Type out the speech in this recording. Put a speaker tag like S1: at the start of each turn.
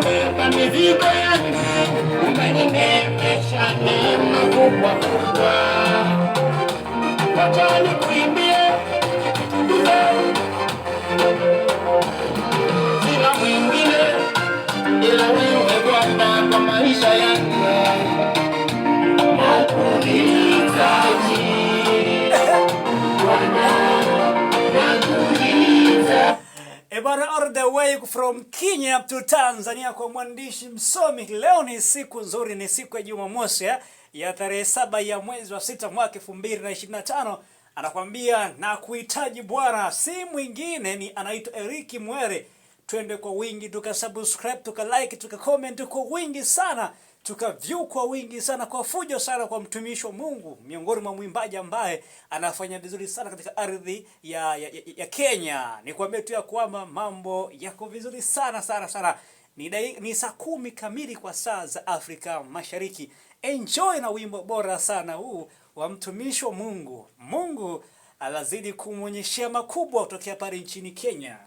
S1: umebeba mizigo yangu, umenibebesha neema kubwa kubwa. Wacha nikuimbie sina mwingine ila wewe.
S2: Ebana, all the way from Kenya to Tanzania kwa mwandishi msomi. Leo ni siku nzuri, ni siku ya Jumamosi eh, ya tarehe saba ya mwezi wa sita mwaka elfu mbili na ishirini na tano. Anakwambia na kuhitaji Bwana si mwingine ni anaitwa Eriki Mwere. Twende kwa wingi tukasubscribe, tukalike, tukacomment kwa wingi sana tukavyu kwa wingi sana kwa fujo sana kwa mtumishi wa Mungu, miongoni mwa mwimbaji ambaye anafanya vizuri sana katika ardhi ya, ya, ya Kenya. Nikwambie tu ya kwamba mambo yako vizuri sana sana sana. Ni, ni saa kumi kamili kwa saa za Afrika Mashariki. Enjoy na wimbo bora sana huu wa mtumishi wa Mungu. Mungu anazidi kumwonyeshea makubwa kutokea pale nchini Kenya.